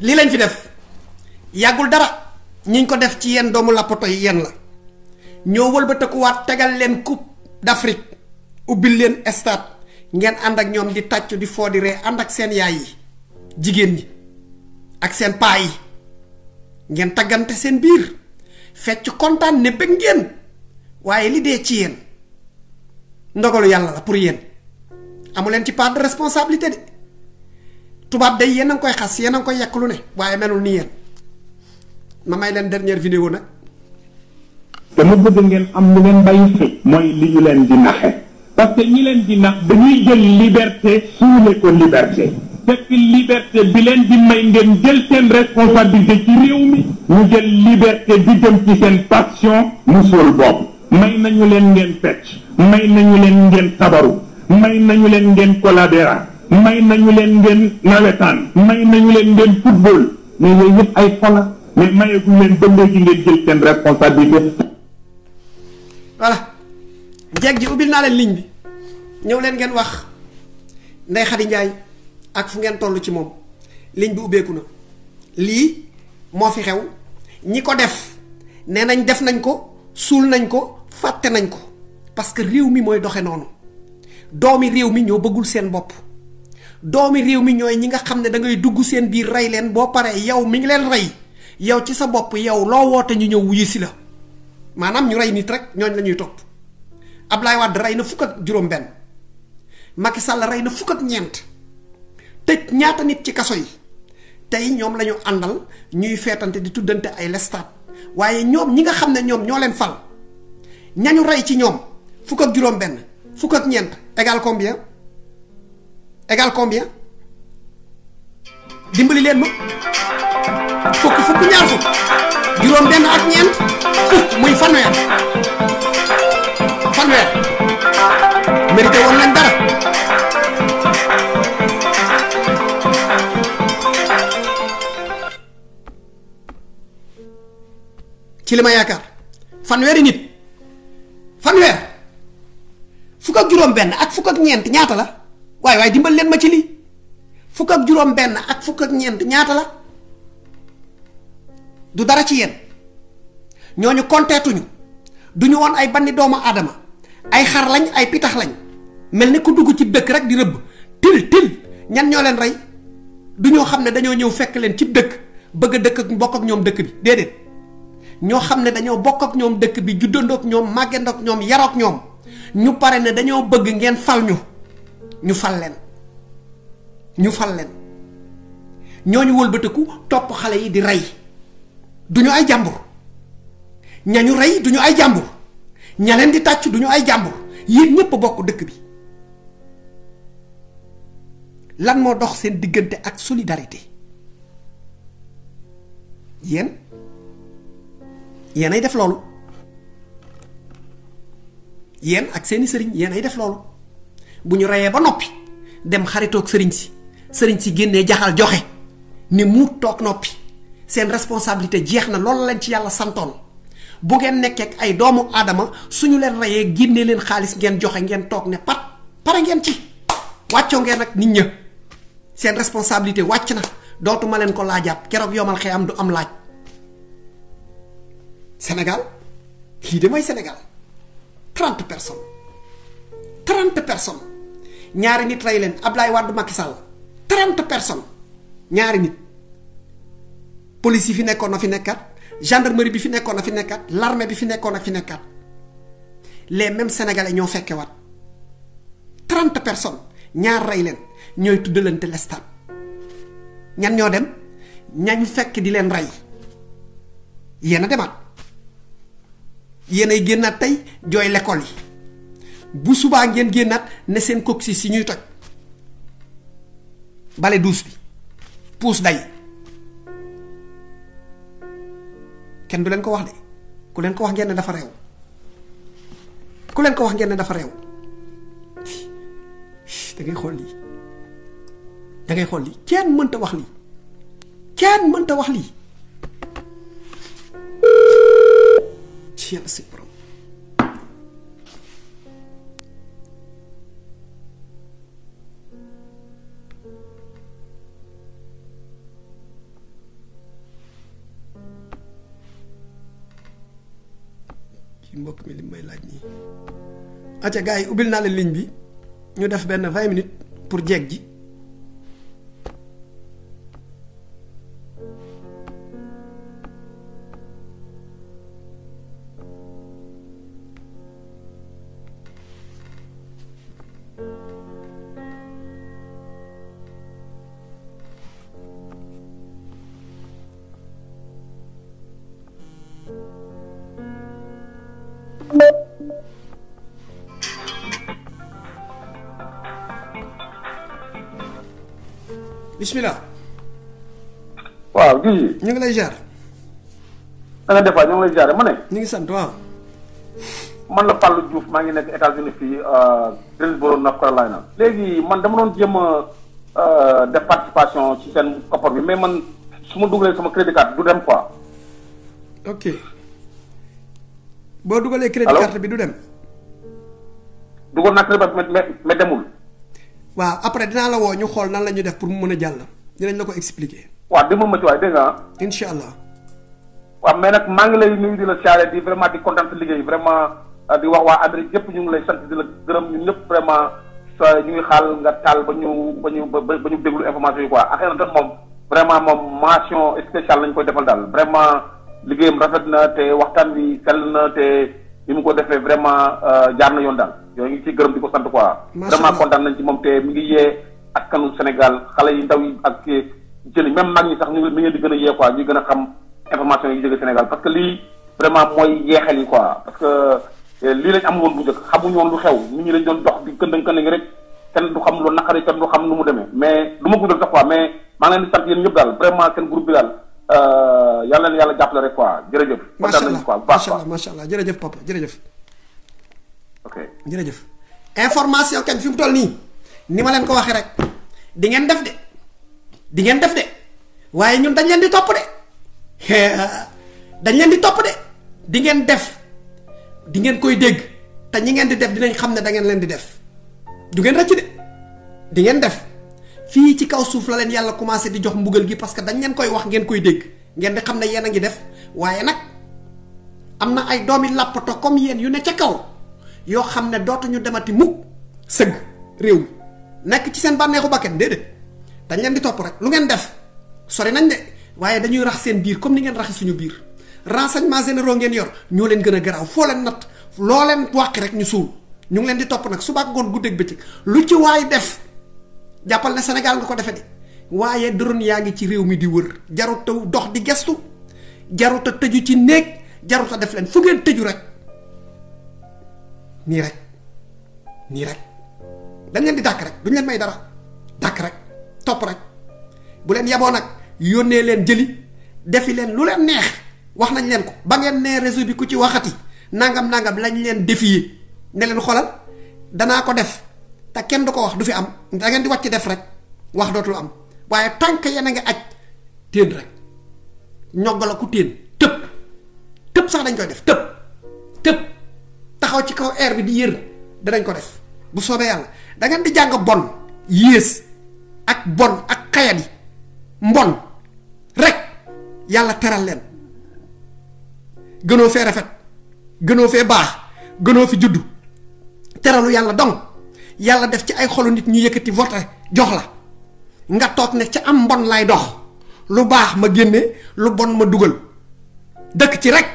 li lañ fi def yagul dara ñiñ ko def ci yeen doomu lapoto yi yeen la ñoo tegal leen coupe d'afrique ubbil leen stade ngeen ànd ak ñoom di tàcc di foo di ree ànd ak seen yaay yi jigéen ñi ak seen paa yi ngeen taggante seen biir fecc kontaan ne bëgg ngeen waaye li dee ci yeen ndogalu yàlla la pour yéen ci part de responsabilité tubaab de yéen a ngi koy xas yéen a ngi koy yekk lu ne waaye melul nii yéen ma may leen dernière vidéo nag. dama bëgg ngeen am lu ngeen bàyyi si. mooy li ñu leen di naxe. parce que ñi leen di nax dañuy jël liberté suule ko liberté. fekk liberté bi leen di may ngeen jël seen responsabilité ci réew mi ñu jël liberté di jëm ci seen passion musul bopp may nañu leen ngeen fecc may nañu leen ngeen sabaru may ñu leen ngeen collaborer may nañu leen ngeen nawetaan may nañu leen ngeen football mais yooyu yëpp ay fola mais mayeeku leen ba léegi ngeen jël seen responsabilité. voilà jeeg ji ubbil naa leen ligne bi ñëw leen ngeen wax Ndeye Khady ak fu ngeen toll ci moom ligne bi ubbeeku na lii moo fi xew ñi ko def nee nañ def nañ ko suul nañ ko fàtte nañ ko parce que réew mi mooy doxe noonu doomi réew mi ñoo bëggul seen bopp. doomi réew mi ñooy ñi nga xam ne da ngay dugg seen biir rey leen boo paree yow mi ngi leen rey yow ci sa bopp yow loo woote ñu ñëw wuyu si la maanaam ñu rey nit rek ñooñ lañuy ñuy topp Ablaye Wade rey na fukk ak juróom-benn Macky rey na fukk ñeent tëj ñaata nit ci kaso yi tey ñoom lañu àndal ñuy feetante di tuddante ay lestaat waaye ñoom ñi nga xam ne ñoom ñoo leen fal ñañu rey ci ñoom fukk ak juróom-benn fukk ñeent égal combien. égal combien dimbali len ma fukk fukk ñaar fukk juroom ben ak ñent fukk muy fanwer fanwer mérité won nañ dara ci lima ma yaakaar fanweeri nit fanweer fukk ak juróom benn ak fukk ak ñeent ñaata la way way dimbal len ma ci li fuk ak juróom ben ak fuk ak ñent ñaata la du dara ci yéen ñooñu konteetuñu duñu won ay bandi dooma adama ay xar lañ ay pitax lañ melni ku dugg ci dekk rek di reub til til ñan ñoo len ray duñu xamne xam ne dañoo ñëw fekk len ci dekk bëgg dekk ak bokk ak ñoom dekk bi dedet ñoo xamne ne dañoo bokk ak ñoom dekk bi ñoom ñoom ñu paré ne dañoo bëgg ngeen fal ñu ñu fal leen ñu fal leen ñooñu wëlbatiku top xalé yi di ray duñu ay jambur ñañu ray duñu ay jambur ña di tacc duñu ay jambur yéen ñepp bokku dekk bi lan mo dox seen digënté ak solidarité yeen yeen ay def lolu yeen ak seeni sëriñ yeen ay def lolu bu ñu reyee ba noppi dem xaritoog sëriñ si sëriñ si génnee jaxal joxe ni mu toog noppi seen responsabilité jeex na loolu lañ ci yàlla santoon bu ngeen nekkee ay doomu aadama suñu leen reyee génnee leen xaalis ngeen joxe ngeen toog ne pat pare ngeen ci wàccoo ngeen nag nit ña seen responsabilité wàcc na dootuma leen ko laajaat keroog yomal du am laaj sénégal lii de mooy sénégal 30 personnes 30 personnes ñaari nit rey leen Ablaye Wade Macky Sall trente personnes ñaari nit police yi fi nekkoon na fi nekkat gendarmerie bi fi nekkoon na fi nekkat l'armée bi fi nekkoon na fi nekkat les mêmes sénégalais ñoo fekkee waat trente person ñaar rey leen ñooy tuddalante l'État ñan ñoo dem ñañ fekk di leen rey yéen a demaat yéen ay génnaat tey jooy lekkool yi bu suba ngeen gennat ne sen coxi si ñuy toj balé douce bi pousse day kenn du len ko wax de ku len ko wax ngeen dafa rew ku len ko wax ngeen dafa rew da ngay xol li da ngay xol li kenn mënta wax li kenn mënta wax li ci si borom acca gars ubil ubbil naa la ligne bi ñu def benn vingt minutes pour jeeg ji bismillah. waaw Guy. ñu ngi lay jaar. da nga defaat ñu ngi lay jaar ma ne. ngi sant waaw. man la Fallou Diouf ma ngi nek États-Unis fii euh, Greensboro North Carolina. léegi man dama don jéem euh def participation ci sen copor bi mais man suma dougalé sama crédit card du dem quoi. ok bo dougalé crédit card bi du dem. dougal naa crédit carte mais mais demul waaw après dinaa la woo ñu xool nan la ñuy def pour mu mën a jàll dinañ la ko expliquer waaw dama ma ci waay dégg nga incha allah waaw mais nag maa ngi lay nuyu di la siyaare di vraiment di kontaan liggéey vraiment ah, di wax waa Amérique yëpp ñu ngi lay sant di la gërëm ñun ñëpp vraiment sa ñu ngi xaal nga taal ba ñu ba ñu ba ñu déglu information yi quoi ak yeneen tam moom vraiment moom mention spéciale lañ koy defal daal vraiment liggéeyam rafet na te waxtaan bi sell na te ni mu ko defee vraiment ah, jaar na yoon daal yooyu ngi ci gërëm di ko sant quoi. vraiment kontaan nañ ci moom xale yi ak jeunes yi même mag ñi sax gën a yee quoi ñu a xam information yi jóge Sénégal parce que lii vraiment mooy yeexal yi quoi parce que eh, lii lañ am woon bu njëkk xamuñu woon xew nit lañ doon dox di këndëng këndëng rek kenn du xam lu naqari kenn du xam nu mu demee mais du ma guddal vraiment seen groupe bi daal euh, yàlla na yàlla jàppale rek jërëjëf. macha allah kontaan nañu quoi bu baax quoi macha okay. jërëjëf information kañ fi mu toll nii ni ma leen ko waxee rek di ngeen def de di ngeen def de waaye ñun dañ leen di topp de dañ leen di topp de di ngeen def di ngeen koy dégg te ñi ngeen di def dinañ xam ne da ngeen leen di def du ngeen rëcc de di ngeen def fii ci kaw suuf la leen yàlla commencé di jox mbugal gi parce que dañ leen koy wax ngeen koy dégg ngeen di xam ne yéen a ngi def waaye nag am na ay doomi làppato comme yéen yu ne ca kaw Yoham xamne dootu ñu demati mukk seug rew mi nekk ci seen banexu bakken dede dañ leen di top rek lu ngeen def sori nañ de waye dañuy rax seen biir comme ni ngeen rax suñu biir renseignement généraux ngeen yor ñoo leen gëna graw fo leen nat lo leen wax rek ñu suul ñu ngi leen di top nak suba ngoon guddeeg bëccëg lu ci way def jappal na sénégal nga ko defe de waye drone yaangi ci rew mi di wër jarut dox di gestu jarut ta teju ci nek jarut ta def leen fu ngeen teju rek ni rek ni rek dañ leen di dàkk rek duñ leen may dara dàkk rek topp rek bu leen yaboo nag yónnee leen jëli defi leen lu leen neex wax nañ leen ko ba ngeen ne réseau bi ku ci waxati nangam nangam lañ leen defi ne leen xolal danaa ko def te kenn du ko wax du fi am da ngeen di wàcc def rek wax dootul am waaye tànk yéen a nga aj téen rek ñoggal ku téen tëb tëb sax dañ koy def tep tep taxaw ci kaw air bi di yër danañ ko def bu yàlla da ngeen di jàng bon yes, ak bon ak kaya di mbon rek yàlla ya teral leen gënoo fee rafet gënoo fee baax gënoo fi juddu teralu yàlla dong yàlla def ci ay xolu nit ñu yëkkati vote jox la nga toog ne ci am mbon lay dox lu baax ma génne lu bon ma dugal dëkk ci rek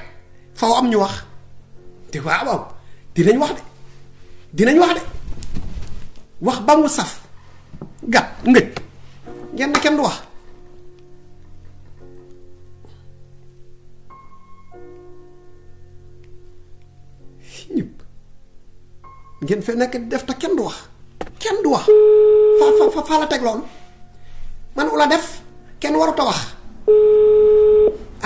faw am ñu wax di dinañ wax de dinañ wax de wax ba mu saf gat ngëj ngeen kenn du wax ñëpp ngeen fe nekk def ta kenn du wax kenn du wax fa fa fa fa la teg lool man ula def kenn waru ta wax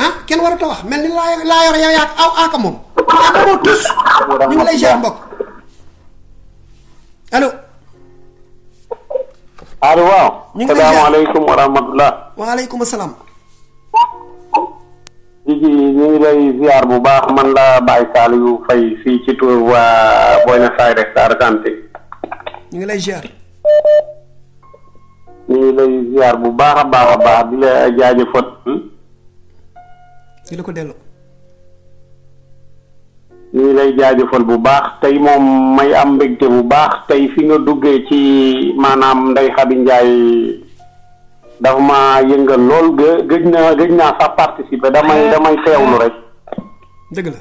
ah kenn waru ta wax melni la laa yor yaak aw aka mom aka mo tous ñu ngi lay ziar mbokk allo. allo waaw. ñu ngi lay ziar salaamaaleykum wa rahmatulah. waaleykum salaam. Jiji ñu ngi lay bu baax man la Baye Saliou Faye fii ci tur waa Buenos Aires Argentine. ñu ngi lay ziar. ñu ngi lay ziar bu baax a baax a baax di la jaajëfal. di la ko delloo. ñu ngi lay jaajëfal bu baax tey moom may am mbégte bu baax tey fi nga duggee ci maanaam Ndeye Khady Ndiaye dafa ma yëngal lool gëj na gëj naa sax participer damay damay teewlu rek. dëgg la.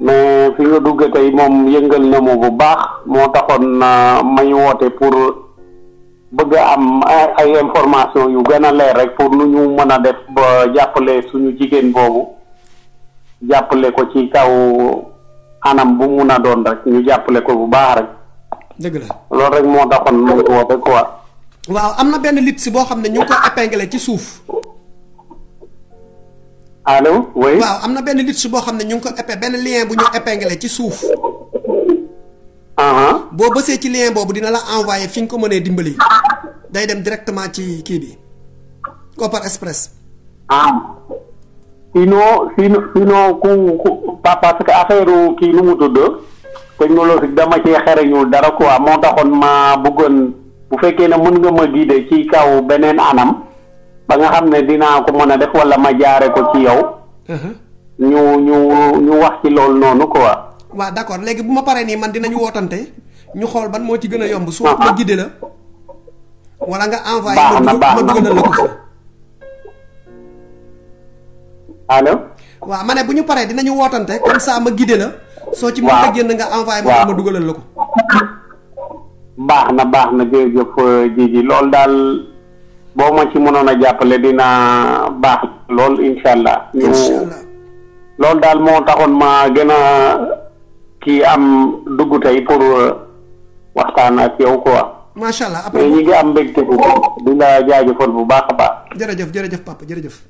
mais fi nga dugg tey moom yëngal na bu baax moo taxoon may woote pour bëgg a am ay information yu gën a leer rek pour nu ñu mën a def ba jàppale suñu jigéen boobu. jàppale ko ci kaw anam bu mun a doon rek ñu jàppale ko bu baax rek. dëgg la loolu rek moo taxoon moom ko woote quoi. waaw am na benn lit boo xam ne ñu ngi ko épinglé ci suuf. allo oui waaw am na benn lit boo xam ne ñu ngi ko épé benn lien bu ñu épinglé ci suuf. Uh-huh. boo bësee ci lien boobu dina la envoyé fi nga ko mënee dimbali. day dem directement ci kii bi Kopar Express. ah sinon noo sinon ku ku parce que affaire kii lu mu tudd technologique dama ci xereñul dara quoi moo taxoon ma bëggoon bu fekkee ne mën nga ma guider ci kaw beneen anam ba nga xam ne dinaa ko mën a def wala ma jaare ko ci yow. Uh-huh. ñu ñu ñu wax ci loolu noonu quoi. waaw d'accord léegi bu ma paree nii man dinañu wootante ñu xool ban moo ci gën a yomb. su ah, ma ah. guider la. wala nga envoyé ma dugal ma dugalal la ko allo. waaw ma ne bu ñu paree dinañu wootante comme ça ma guidé la. soo ci mën a génn nga envoyé ma ma dugalal la ko. baax na baax na jërëjëf euh, Jiji loolu daal boo ma ci mënoon a jàppale dinaa baax lool incha allah. loolu daal moo taxoon ma gën a kii am dugg tey pour euh, waxtaan ak yow quoi. macha allah après ñu ngi am mbégte bu di la jaajëfal bu baax a baax. jërëjëf jërëjëf papa jërëjëf.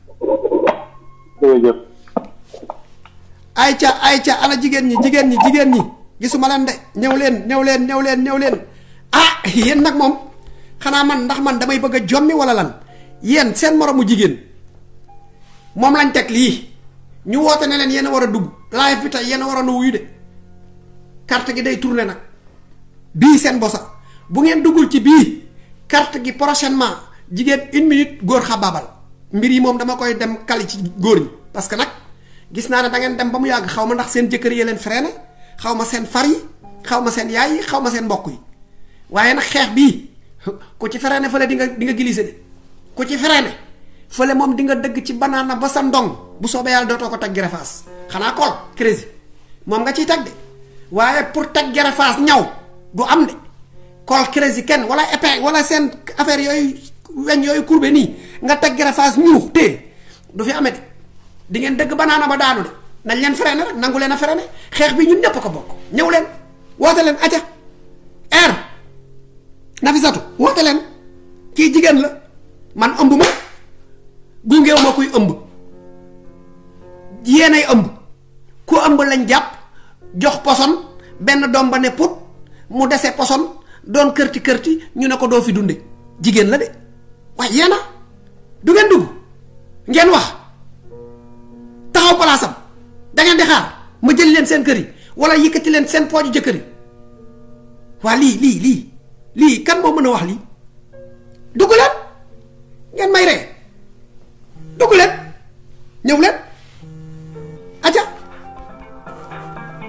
ay ca ay ca ana jigen, ni jigen ni jigéen ñi gisuma de ñëw len ñëw len ñëw len ñëw len ah yéen nak mom xanaa man ndax man damay bëgg a jommi wala lan yéen seen moromu jigéen moom lañ teg lii ñu woote ne leen yéen wara dug a dugg live bi tey yéen a waroon de carte gi day tourné nak bi seen bosa bu ngeen duggul ci bii carte gi prochainement jigen une minute góor xabaabal mbir mom moom dama koy dem kali ci góor ñi parce que nag gis naa ne da ngeen dem ba mu yàgg xaw ma ndax seen jëkkër yi leen freiné xaw ma seen far yi xaw ma seen yaay yi xaw ma seen mbokk yi waaye nag xeex bii ku ci freiné fële di nga di nga glissé de ku ci freiné fële moom di nga dëgg ci banana ba sa ndong bu soobee yàlla dootoo ko tag xanaa crise moom nga ciy tag de pour tag ñaw du am de kol crise kenn wala épée wala seen affaire yooyu wen yoy courbe ni nga teg greffage ñu téye du fi amé di ngeen deug banana ba daanu de nañ leen freiné rek nangu leen a freiné xeex bi ñun ñep ko bok ñew leen wota leen na fi nafisatu wota leen ki jigen la man ëmb ma gungeew ma kuy ëmb yeenay ëmb ku ëmb lañ japp jox poson ben dom ba ne put mu déssé poson doon kërti kërti ñu ne ko do fi dunde jigen la de way iya, yena du ngeen dugg ngeen wax taxaw palaasam da ngeen di xaar ma jël leen seen kër yi wala yëkkati leen seen pooju jëkkër yi waa lii lii lii lii kan moo mën a wax lii dugg leen ngeen may ree dugg leen ñëw leen aca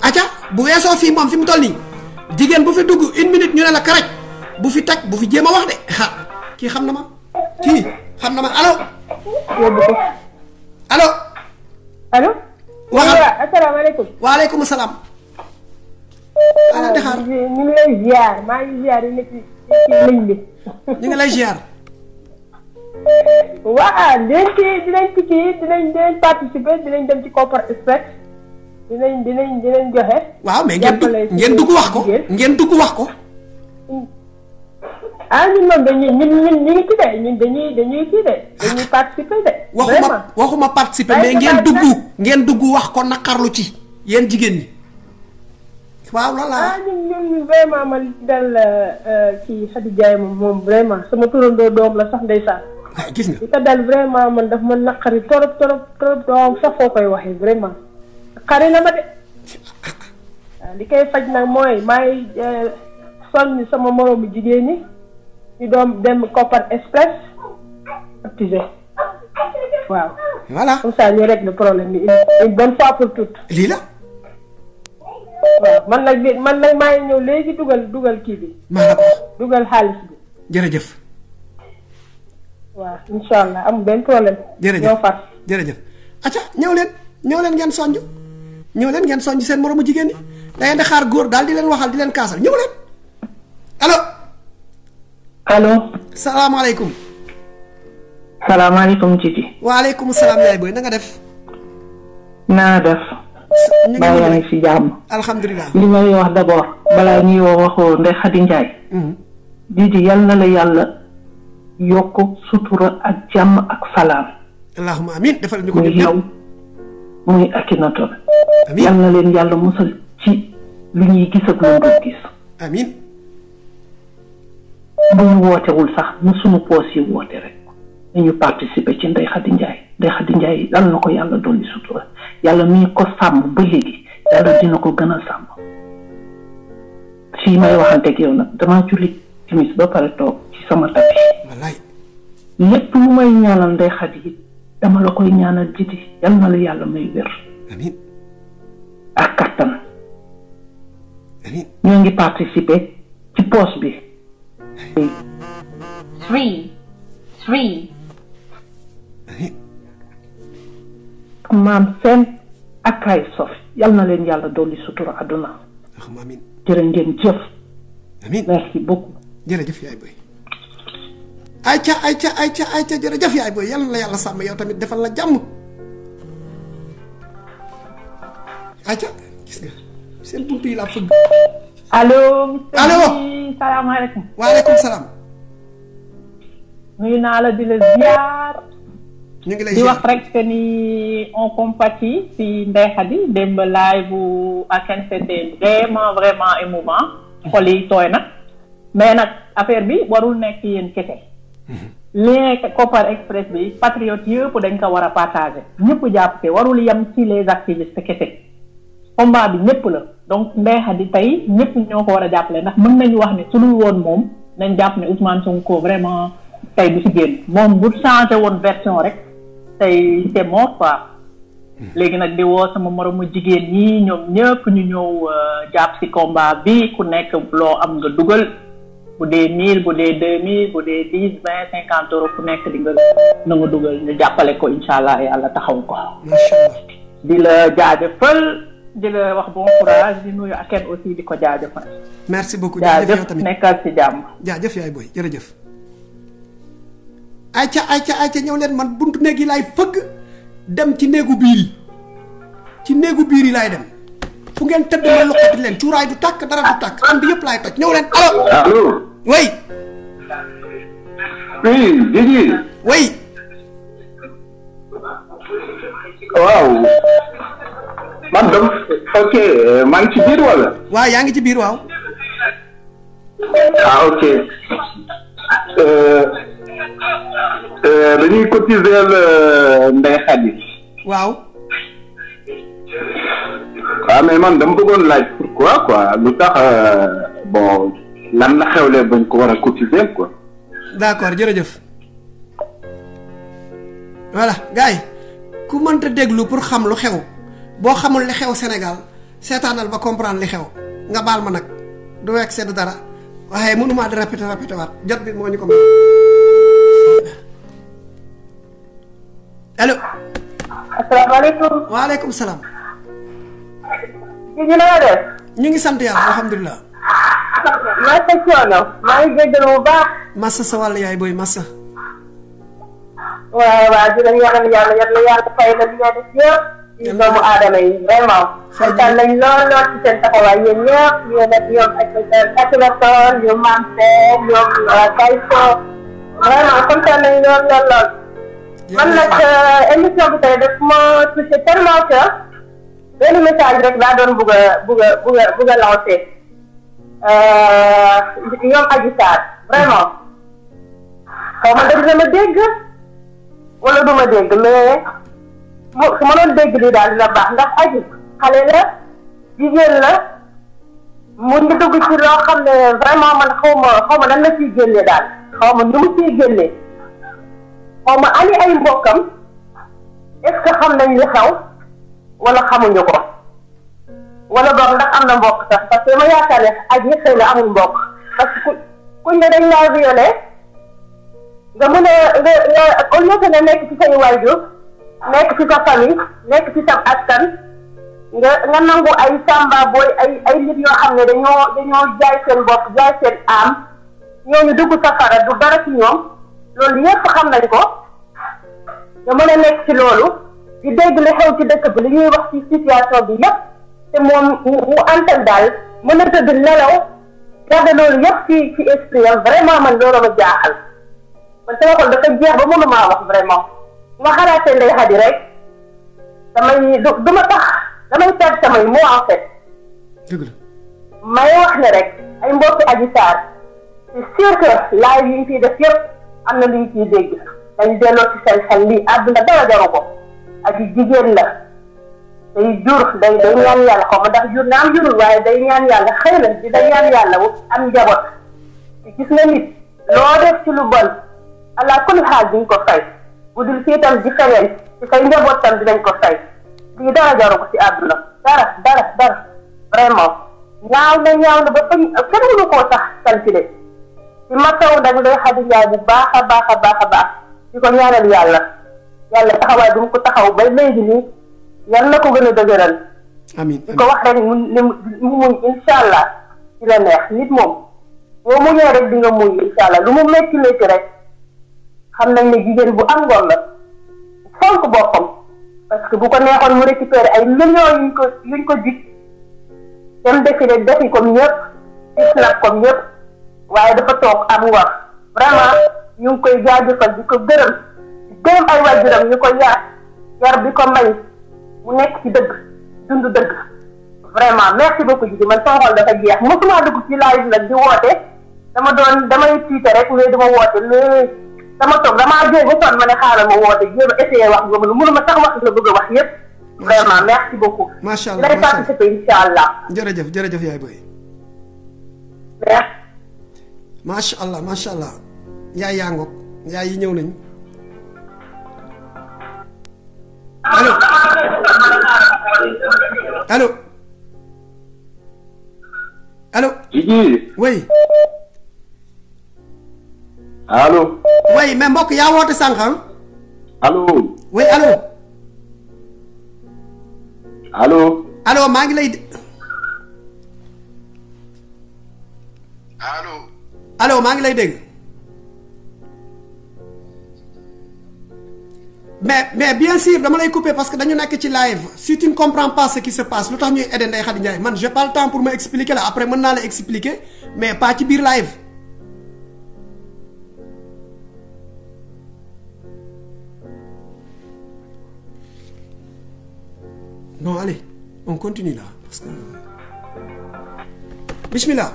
aca bu weesoo ya fii moom fi mu toll nii jigéen bu fi dugg une minute ñu ne la karaj bu fi taj bu fi jéem a wax de ha kii xam na ma ki xam kan na ma allo. allo. Iya, allo. waxal iya, waaw asalaamaaleykum. waaleykum salaam. ana daxaar. ñu lay ziar ma ngi ziar ni ci ligne bi. ñu ngi lay ziar. wa dinañ ci dinañ ci ki dinañ participer dinañ dem ci ah ñun moom dañuy ñun ñun ñu ngi ci de ñun dañuy dañuy ci de dañuy participer de. waxuma waxuma participer mais ngeen dugg ngeen dugg wax ko naqarlu ci yéen jigéen ñi. waaw loolu la ñun ah, ñun vraiment man dal ci eh, eh, Khady Diaye moom moom vraiment sama turandoo doom la sax ndeysaan. gis nga te dal vraiment man daf ma naqari torop torop torop doom sax foo koy waxee vraiment xari na ma de li ah, koy faj nag mooy maay eh, sonn sama moromu jigéen ñi. Ils dem copper express waaw voilà comme ça ñu règle problème une bonne fois pour toutes lii la man nag man nag maa ngi ñëw léegi dugal dugal bi dugal waaw am ben problème jërëjëf ñoo far jërëjëf acca ñëw leen ñëw leen ngeen sonju ñëw leen ngeen sonju seen moromu jigéen ñi da ngeen xaar allo. salaamaaleykum. salaamaaleykum Cici. waaleykum salaam yaay booy wax d' abord. balaa ñuy wax waxoo Ndeye Khady Ndiaye. Mm-hmm. yal na la yàlla yokk sutura ak jàmm ak salaam. muy yow yal na leen yàlla musal ci lu ñuy gis ak lu gis. bu ñu sax na sunu poos yi woote ci Ndeye Khady Ndiaye Ndeye Khady Ndiaye yàlla ko yàlla yàlla mi ko sàmm ba ko gën a sàmm may waxanteeg yow ci sama tapis lépp lu may ñaanal Ndeye Khady dama la koy ñaanal jiti yal na lu yàlla may wér ak kattan ñoo ngi participer ci poos bi three, three. maam seen ak ay sof yal na leen yàlla dolli sutura àdduna. amiin jërë ngeen jëf. amiin merci beaucoup. yaay boy. yal na la yàlla sàmm yow tamit defal la jàmm. ayca gis nga seen buntu yi laa fëgg. allo. monsieur Guèye salaamaaleykum. waaleykum salaam. nuyu naa la di la ziar. ñu ngi lay di wax rek que ni on compatit si Ndeye Khady démb live bu Akhen c'était vraiment vraiment émouvant xol yi tooy na mais nag affaire bi warul nekk yéen kese. lien Kopar Express bi patriote yëpp dañ ko war a partager. ñëpp jàpp te warul yem ci les activistes kese. combat bi ñëpp la donc Ndeye Khady tey ñëpp ñoo ko war a jàppale ndax mën nañu wax ne su dul woon moom nañ jàpp ne Ousmane Sonko vraiment tey du si moom bu changé woon version rek tey c'est mort léegi nag di woo sama moromu jigéen ñi ñoom ñëpp ñu ñëw euh, jàpp ci combat bi ku nekk loo am nga dugal bu dee mille bu dee deux mille bu dee dix vingt cinquante euros ku nekk di nga na nga dugal ñu jàppale ko incha allah yàlla taxaw ko. di la jaajëfal. di la wax bon bi di nuyu ak kenn aussi di ko jaajëfal. merci beaucoup jaajëf yow tamit nekkal ci jàmm. jaajëf yaay booy jërëjëf. ayca ayca ayca ñëw leen man buntu néeg yi laay fëgg dem ci néegu biir yi ci néegu biir yi laay dem fu ngeen tëdd ma loqati leen cuuraay du tàkk dara du tàkk am bi yëpp laay toj ñëw leen allo. allo. oui. man dama ok maa ci biir wala. waaw yaa ngi ci biir waaw. ah ok. Euh, euh, dañuy cotiser euh, Ndeye Khady. waaw. waaw ah, mais man dama bëggoon laaj pourquoi quoi lu tax bon lan la xewlee bañ ko war a cotiser ko d'accord jërëjëf. voilà gars ku mënta déglu pour xam lu xew. boo xamul li xew sénégal seetaanal ba comprendre li xew nga baal ma nag du wekk sedd dara waaye mënumaa di répété répété waat jot bi moo ñu ko may allo asalaamaaleykum waaleykum salaam ñu ngi naa def ñu ngi sant yàlla alhamdulilah massa coono maa ngi jéggal lu baax massa sa wàll yaay booy massa waaw waaw di la ñaanal yàlla yàlla yàlla fay la li nga def yëpp doomu aadama yi vraiment. kontaan nañ lool lool ci seen taxawaay yéen ñëpp ñoo def ñoom ak Akilaton ñoom Mam Seck ñoom Kayso euh, vraiment kontaan nañ lool lool lool. man nag ah. euh, émission bi tey daf ma touché tellement que benn message rek daa doon bugg a bugg a bugg a bugg a lancé euh, ñoom Adji Sarr vraiment xaw ma dëgg dama dégg wala du ma dégg mais. mu su ma doon dégg lii daal dina baax ndax aji xale la jigéen la mu ngi dugg ci loo xam ne vraiment man xaw ma xaw ma nan la ciy génne daal xaw ma nu mu ciy génne xaw ma ani ay mbokkam est-ce xam nañ li xew wala xamuñu ko wala boog ndax am na mbokk sax parce que ma yaakaar aji xëy na amul mbokk parce que kuñ ne dañ laa nga mën a nga nga au lieu que ne nekk ci say waajur nekk ci sa famille nekk ci sa askan nga nga nangu ay sàmba booy ay ay nit yoo xam ne dañoo dañoo jaay seen bopp jaay seen aam ñooñu dugg safara du dara ci ñoom loolu yépp xam na ko nga mën a nekk ci loolu di dégg li xew ci dëkk bi li ñuy wax ci situation bi yépp te moom mu antal daal mën a tëdd nelaw garde loolu yépp ci ci esprit am man loolu ma jaaxal man sama xol dafa jeex ba mënumaa wax vraiment ma xalaatee ndey xadi rek damay du du ma tax damay perte samay moo en fait. dëgg la may wax ne rek ay mbokki Adji Sarr c'est sûr que laaj yi ñu ciy def yëpp am na lu ñu ciy dégg dañ delloo ci seen xel lii àdduna dara jaru ko Adji jigéen la day jur day day ñaan yàlla xaw ma ndax jur na am jurul waaye day ñaan yàlla xëy na di day ñaan yàlla wut am njaboot te gis nga nit loo def ci lu bon allah ko fay. bu dul bi tam di feneen ci say njaboot tam dinañ ko fay lii dara jaru ko ci àdduna dara dara dara vraiment ñaaw na ñaaw na ba fañ kenn mënu koo sax calculé ci mataw nag Ndeye Khady Ndiaye bu baax a baax a baax a baax di ko ñaanal yàlla yàlla taxawaay bi ko taxaw ba léegi nii yal na ko gën a dëgëral i ko wax rek mu mu muñ incha allah ci la neex nit moom boo muñee rek di nga muñ incha allah lu mu métti métti rek xam nañ ne jigéen bu am ngor la fonk boppam parce que bu ko neexoon mu récupérer ay millions yuñ ko yuñ ko jig dem defi ne defi comme ñëpp gis nag comme ñëpp waaye dafa toog am ngor vraiment ñu ngi koy jaajëfal di ko gërëm gërëm ay waajuram ñu ko yaar yar bi ko may mu nekk ci dëgg dund dëgg vraiment merci beaucoup Jidi man sama xol dafa jeex mosuma dugg ci live nag di woote dama doon damay tiite rek mais dama woote mais sama tok dama jéem ba mané xala mo wote ma essayé wax nga mënu ma tax wax la bëgg wax yëpp. vraiment merci beaucoup. ma sha allah lay participé incha allah. jërëjëf jërëjëf yaay boy. ma sha allah ma sha allah. yaay ya ngok yaay yi ñëw nañ. allo allo. allo. Jiji. oui. Allô? oui mais moi. a woote sànq ah. Hein? allo. oui allo. Allô? allo maa Allô. Allô? allo. allo mais mais bien sûr vais lay couper parce que dañu nekk live si tu ne comprends pas ce qui se passe je n'ai pas le temps pour m'expliquer. expliquer après je vais expliquer mais pas ci live. Non, allez, on continue là. Parce que... Bismillah.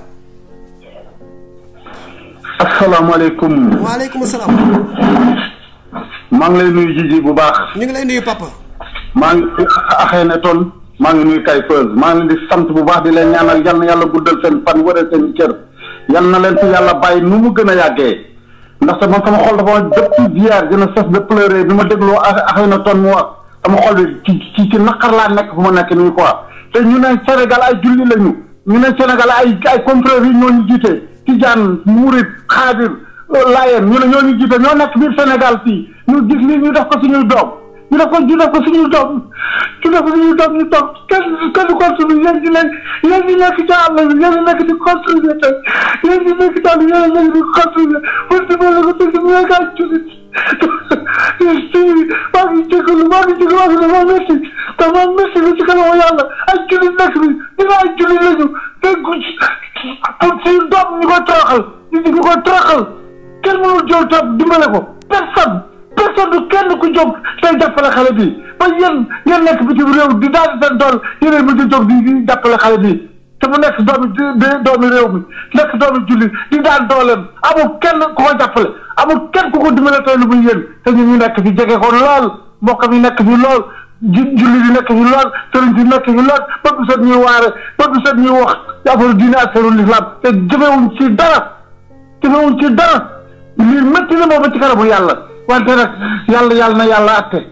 asalaamaaleykum. Wa salaam. maa Mang lay nuyu Jiji bu baax. ñu ngi lay nuyu papa. Mang ngi axee ah, ah, ne mang nuyu kay Feuz maa di sant bu baax di leen ñaanal Yalla Yalla guddal seen fan wëral seen cër Yalla na leen fi Yalla bàyyi nu mu gëna a Ndax ndaxte sama xol dafa depuis hier dina de pleurer bima ma dégloo axee ah, na toon mu wax. dama xool bi ci ci ci naqar laa nekk fu ma nekk nii quoi te ñu ne Sénégal ay julli lañu ñu ne Sénégal ay ay confrères yi ñoo ñu jiite Tijaan Murit Xaadir euh, Laayeen ñu ne ñoo ñu jiite ñoo nekk biir Sénégal fii ñu gis lii ñu def ko suñuy doom ñu def ko ñu def ko suñuy doom ñu def ko suñuy doom ñu toog kenn kenn du construire yéen ñi nekk yéen ñi nekk ca àll bi yéen ñi nekk di construire tey yéen ñi nekk daal yéen ñi nekk di construire pour di mën a ko déglu ñu nekk ay jullit Üstümü bakın çakılı bakın çakılı bakın tamam Messi. Tamam Messi Messi kanı ayağla. Ay gülün nasıl? Bir ay gülün nasıl? Ben güç. Tutsayım tam ñu ko toroxal. Nit ñu ko toroxal. Kenn mënul jël tam dimbale ko. Personne. personne du kenn ku jóg tey jàppale xale bi ba yéen yéen nekk bitim réew di daal seen tool yéen a ngi di jóg di jàppale xale bi. te mu nekk doomi doomi réew mi nekk doomi julli di daan dooleem amul kenn ku ko jàppale amul kenn ku ko dimbale tey lu muy yéen te ñun ñu nekk fi jege ko lool mbokk mi nekk fi lool julli di nekk fi lool sëriñ si nekk fi lool ba bu set ñuy waare ba bu set ñuy wax affaire diine ak affaire lislaam te jëfewuñ ci dara jëfewuñ ci dara lii métti na ma ba ci kanamu yàlla wante nag yàlla yàlla na yàlla atte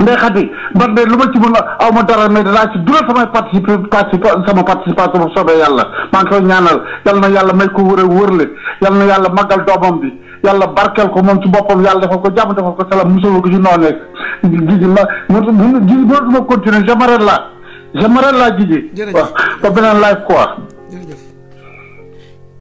ndey xati man de lu ma ci mën a aw ma dara mais danaa ci dugal samay participation sama participation bu soobee yàlla maa ngi koy ñaanal yal na may ko wër a wërle yal na yàlla màggal doomam yàlla barkeel ko moom ci boppam yàlla defa ko jàmm defal ko salaam musul ko ci noonee gis ma mënatuma continuer j'aimerais là j'aimerais là ji waaw ba beneen live quoi